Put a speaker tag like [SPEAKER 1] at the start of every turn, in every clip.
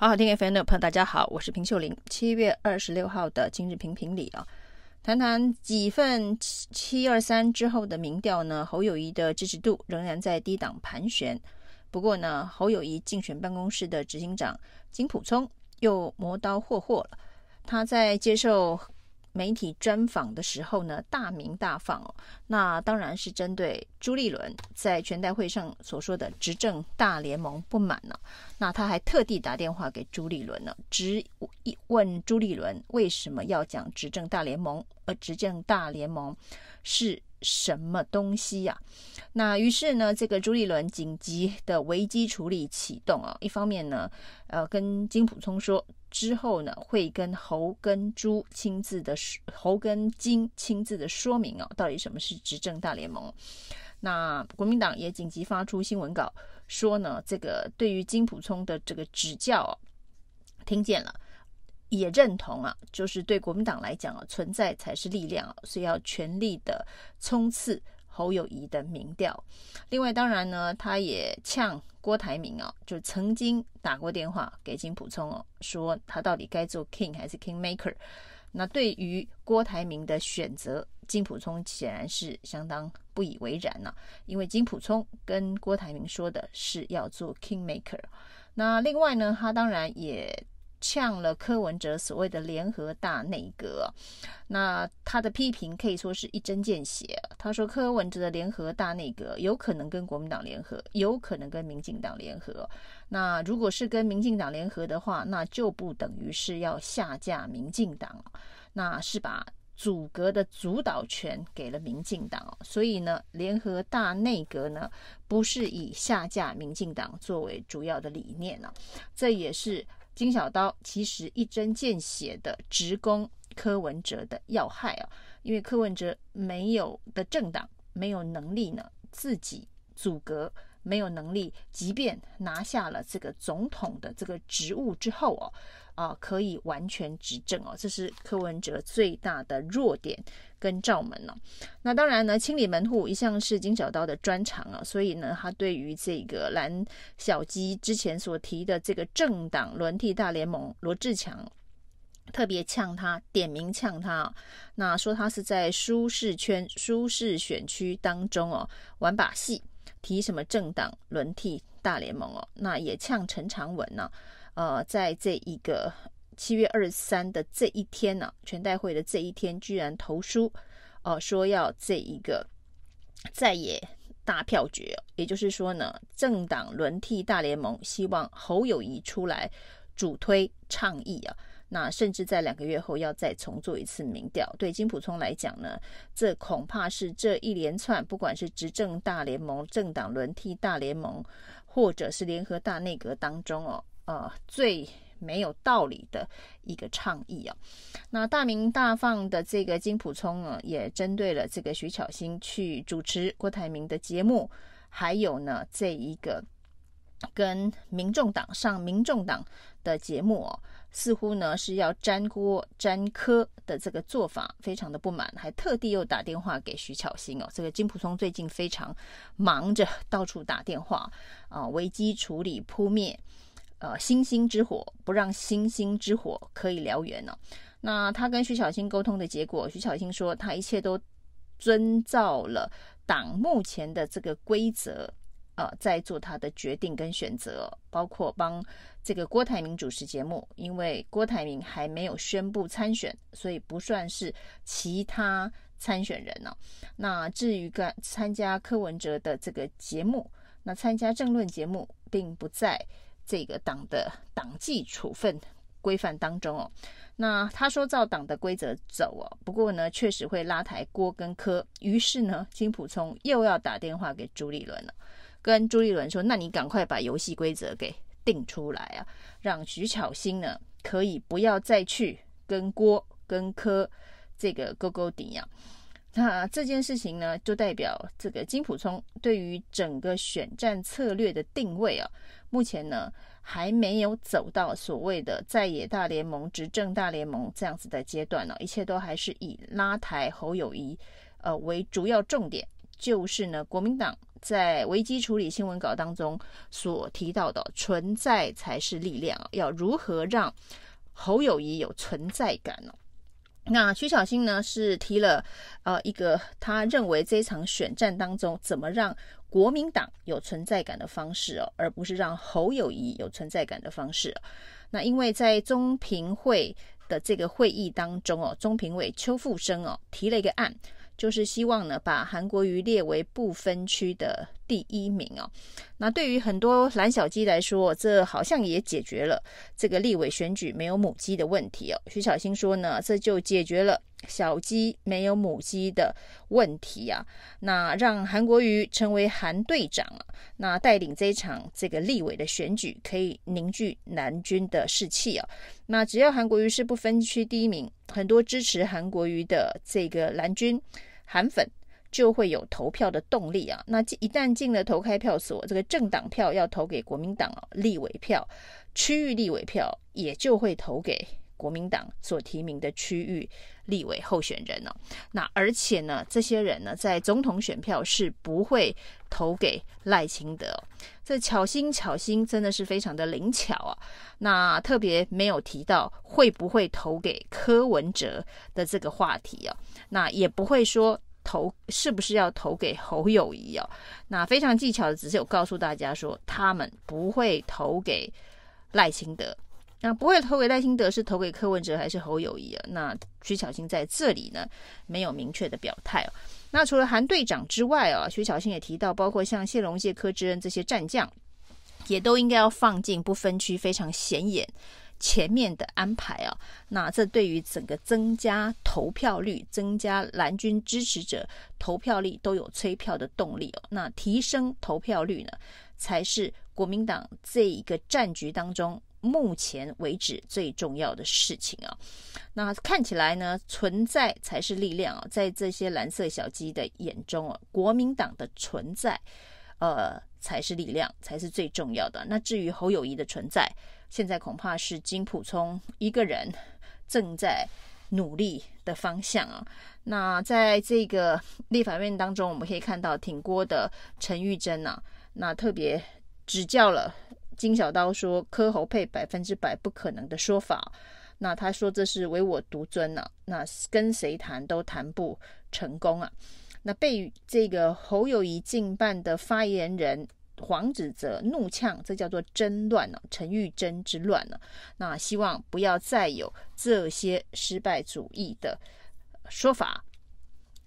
[SPEAKER 1] 好好聽 FM 的朋友，朋友大家好，我是平秀琳。七月二十六號的今日評評理啊，談談幾份七七二三之後的民調呢，侯友宜的支持度仍然在低檔盤旋。不過呢，侯友宜競選辦公室的執行長金溥聰又磨刀霍霍了。他在接受媒體專訪的時候呢，大鳴大放哦。那當然是針對朱立倫在全代會上所說的“執政大聯盟”不滿了。那他還特地打電話給朱立倫了，只問朱立倫為什麼要講執政大聯盟，呃，“執政大聯盟”，而“執政大聯盟”是什麼東西呀、啊？那於是呢，這個朱立倫緊急的危機處理啟動啊，一方面呢，呃，跟金溥聰說之後呢，會跟侯跟朱親自的侯跟金親自的說明哦、啊，到底什麼是執政大聯盟？那國民黨也緊急發出新聞稿說呢，這個對於金溥聰的這個指教、啊，聽見了。也認同啊，就是對國民黨來講啊，存在才是力量啊，所以要全力的衝刺侯友宜的民調。另外，當然呢，他也嗆郭台銘啊，就曾經打過電話給金溥聰哦、啊，說他到底該做 King 還是 Kingmaker。那對於郭台銘的選擇，金溥聰顯然是相當不以為然了、啊，因為金溥聰跟郭台銘說的是要做 Kingmaker。那另外呢，他當然也。嗆了柯文哲所謂的聯合大內閣，那他的批評可以說是一針見血。他說柯文哲的聯合大內閣有可能跟國民黨聯合，有可能跟民進黨聯合。那如果是跟民進黨聯合的話，那就不等於是要下架民進黨，那是把組閣的主導權給了民進黨。所以呢，聯合大內閣呢，不是以下架民進黨作為主要的理念呢，啊，這也是。金小刀其實一針見血的直攻柯文哲的要害啊，因為柯文哲沒有的政黨，沒有能力呢，自己組閣，沒有能力，即便拿下了這個總統的這個職務之後哦、啊。啊，可以完全執政哦，這是柯文哲最大的弱點跟罩門了、哦。那當然呢，清理門戶一向是金小刀的專長啊，所以呢，他對於這個藍小雞之前所提的這個政黨輪替大聯盟，羅智強特別嗆他，點名嗆他、啊，那說他是在舒適圈、舒適選區當中哦、啊、玩把戲，提什麼政黨輪替大聯盟哦、啊，那也嗆陳長文呢、啊。呃，在這一個七月二十三的這一天呢、啊，全代會的這一天，居然投書，哦、呃，說要這一個在野大票決，也就是說呢，政黨輪替大聯盟希望侯友宜出來主推倡議啊，那甚至在兩個月後要再重做一次民調，對金溥聰來講呢，這恐怕是這一連串不管是執政大聯盟、政黨輪替大聯盟，或者是聯合大內閣當中哦，呃，最沒有道理的一個倡議啊、哦！那大鳴大放的這個金溥聰啊，也針對了這個徐巧芯去主持郭台銘的節目，還有呢，這一個跟民眾黨上民眾黨的節目哦，似乎呢是要沾鍋沾柯的這個做法，非常的不滿，還特地又打電話給徐巧芯哦。這個金溥聰最近非常忙着到處打電話啊、呃，危機處理撲滅。呃，星星之火不讓星星之火可以燎原呢、哦。那他跟徐巧芯溝通的結果，徐巧芯說他一切都遵照了黨目前的這個規則，呃，在做他的決定跟選擇，包括幫這個郭台銘主持節目，因為郭台銘還沒有宣布參選，所以不算是其他參選人呢、哦。那至於跟參加柯文哲的這個節目，那參加政論節目並不在。這個黨的黨紀處分規範當中哦，那他說照黨的規則走哦，不過呢確實會拉抬郭跟柯，於是呢金溥聰又要打電話給朱立倫了，跟朱立倫說，那你趕快把遊戲規則給定出來啊，讓徐巧芯呢可以不要再去跟郭跟柯這個勾勾頂呀。那這件事情呢，就代表這個金溥聰對於整個選戰策略的定位啊，目前呢還沒有走到所謂的在野大聯盟、執政大聯盟這樣子的階段呢、啊，一切都還是以拉抬侯友宜呃為主要重點，就是呢國民黨在危機處理新聞稿當中所提到的存在才是力量，要如何讓侯友宜有存在感呢、哦？那曲小新呢是提了啊、呃、一個他認為這場選戰當中怎麼讓國民黨有存在感的方式哦，而不是讓侯友宜有存在感的方式、哦。那因為在中評會的這個會議當中哦，中評委邱富生哦提了一個案，就是希望呢把韓國瑜列為不分區的。第一名哦、啊，那對於很多藍小雞來說，這好像也解決了這個立委選舉沒有母雞的問題哦、啊。徐小新說呢，這就解決了小雞沒有母雞的問題啊。那讓韓國瑜成為韓隊長啊，那帶領這一場這個立委的選舉可以凝聚藍軍的士氣哦、啊。那只要韓國瑜是不分區第一名，很多支持韓國瑜的這個藍軍韓粉。就會有投票的動力啊！那進一旦進了投開票所，這個政黨票要投給國民黨哦，立委票、區域立委票也就會投給國民黨所提名的區域立委候選人哦，啊。那而且呢，這些人呢，在總統選票是不會投給賴清德，哦。這巧心巧心真的是非常的靈巧啊！那特別沒有提到會不會投給柯文哲的這個話題啊，那也不會說。投是不是要投給侯友宜哦，那非常技巧的，只是有告訴大家說他們不會投給賴清德，那不會投給賴清德是投給柯文哲還是侯友宜啊、哦？那徐巧芯在這裡呢沒有明確的表態哦。那除了韓隊長之外啊、哦，徐巧芯也提到，包括像謝龍介、柯志恩這些戰將，也都應該要放進不分區，非常顯眼。前面的安排啊，那這對於整個增加投票率、增加藍軍支持者投票率都有催票的動力哦、啊。那提升投票率呢，才是國民黨這一個戰局當中目前為止最重要的事情啊。那看起來呢，存在才是力量啊，在這些藍色小雞的眼中啊，國民黨的存在，呃，才是力量，才是最重要的。那至於侯友宜的存在，現在恐怕是金溥聰一個人正在努力的方向啊。那在這個立法院當中，我們可以看到挺郭的陳玉珍吶、啊，那特別指教了金小刀說柯侯配百分之百不可能的說法。那他說這是唯我獨尊啊，那跟誰談都談不成功啊。那被這個侯友宜競辦的發言人。黃子則怒嗆：“這叫做真亂了、啊，陳玉珍之亂了、啊。那希望不要再有這些失敗主義的說法。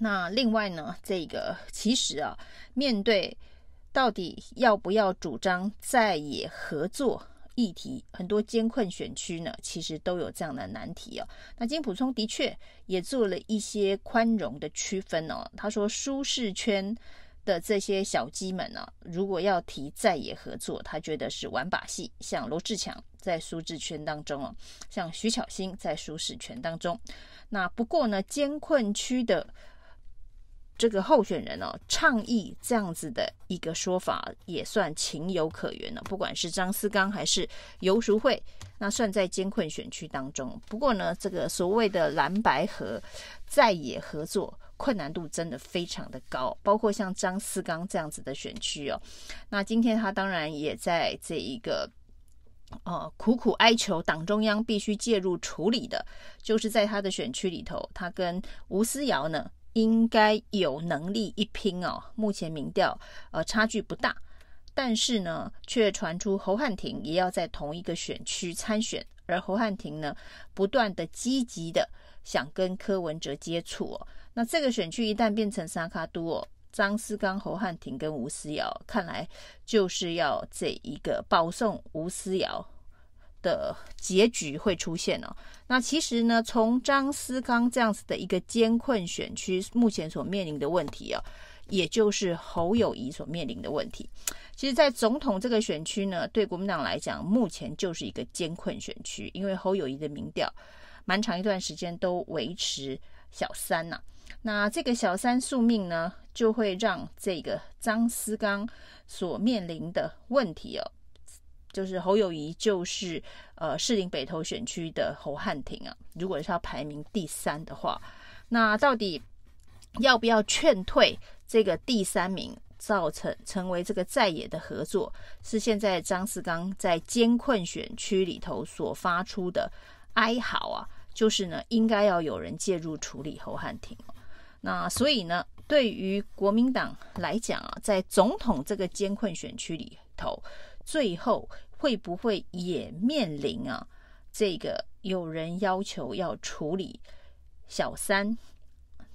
[SPEAKER 1] 那另外呢，這個其實啊，面對到底要不要主張再也合作議題，很多艱困選區呢，其實都有這樣的難題哦、啊。那金普充的確也做了一些寬容的區分哦、啊。他說舒適圈。”的這些小雞們呢、啊，如果要提在野合作，他覺得是玩把戲。像羅智強在舒適圈當中哦、啊，像徐巧芯在舒適圈當中。那不過呢，艱困區的這個候選人哦、啊，倡議這樣子的一個說法也算情有可原了、啊。不管是張斯綱還是游淑慧,那算在艱困選區當中。不過呢，這個所謂的藍白合在野合作。困難度真的非常的高，包括像張斯綱這樣子的選區哦。那今天他當然也在這一個，呃，苦苦哀求黨中央必須介入處理的，就是在他的選區裡頭，他跟吳思瑤呢應該有能力一拼哦。目前民調，呃，差距不大。但是呢，卻傳出侯漢廷也要在同一個選區參選，而侯漢廷呢，不斷的積極的想跟柯文哲接觸哦。那這個選區一旦變成三咖督，張斯綱、侯漢廷跟吳思瑤，看來就是要這一個保送吳思瑤的結局會出現哦。那其實呢，從張斯綱這樣子的一個艱困選區，目前所面臨的問題啊，哦，也就是侯友宜所面臨的問題。其實，在總統這個選區呢，對國民黨來講，目前就是一個艱困選區，因為侯友宜的民調，蠻長一段時間都維持小三吶、啊。那這個小三宿命呢，就會讓這個張斯綱所面臨的問題哦，就是侯友宜就是呃士林北投選區的侯漢廷啊，如果是要排名第三的話，那到底要不要勸退這個第三名？造成成為這個在野的合作，是現在張斯綱在艱困選區裡頭所發出的哀嚎啊，就是呢應該要有人介入處理侯漢廷。那所以呢，對於國民黨來講啊，在總統這個艱困選區裡頭，最後會不會也面臨啊這個有人要求要處理小三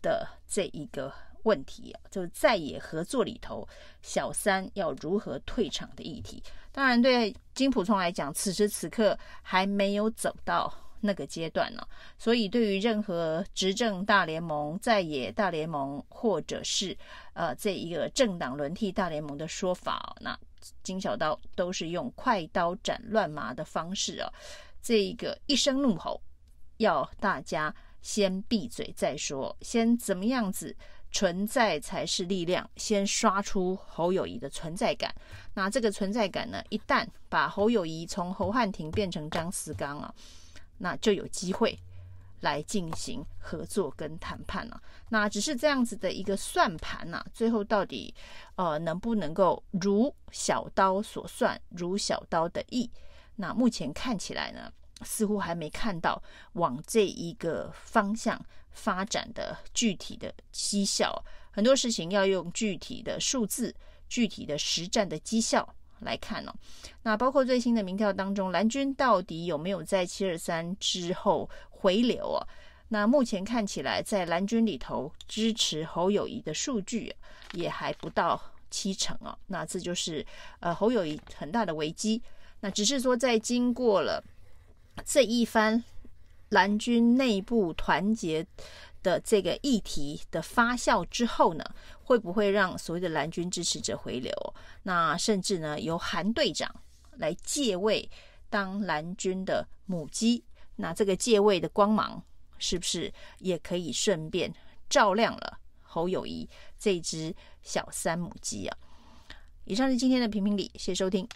[SPEAKER 1] 的這一個？問題、啊、就是在野合作裡頭，小三要如何退場的議題。當然，對金溥聰來講，此時此刻還沒有走到那個階段呢、啊。所以，對於任何執政大聯盟、在野大聯盟，或者是呃這一個政黨輪替大聯盟的說法、啊，那金小刀都是用快刀斬亂麻的方式哦、啊。這一個一聲怒吼，要大家先閉嘴再說，先怎麼樣子。存在才是力量。先刷出侯友宜的存在感，那這個存在感呢？一旦把侯友宜從侯漢廷變成張思剛啊，那就有機會來進行合作跟談判了、啊。那只是這樣子的一個算盤、啊，那最後到底呃能不能夠如小刀所算，如小刀的意？那目前看起來呢，似乎還沒看到往這一個方向。發展的具體的績效，很多事情要用具體的數字、具體的實戰的績效來看哦。那包括最新的民調當中，藍軍到底有沒有在七二三之後回流哦、啊？那目前看起來，在藍軍裡頭支持侯友宜的數據也還不到七成哦、啊。那這就是呃侯友宜很大的危機。那只是說，在經過了這一番。藍軍內部團結的這個議題的發酵之後呢，會不會讓所謂的藍軍支持者回流？那甚至呢，由韓隊長來借位當藍軍的母雞？那這個借位的光芒，是不是也可以順便照亮了侯友宜這隻小三母雞啊？以上是今天的評評理，謝謝收聽。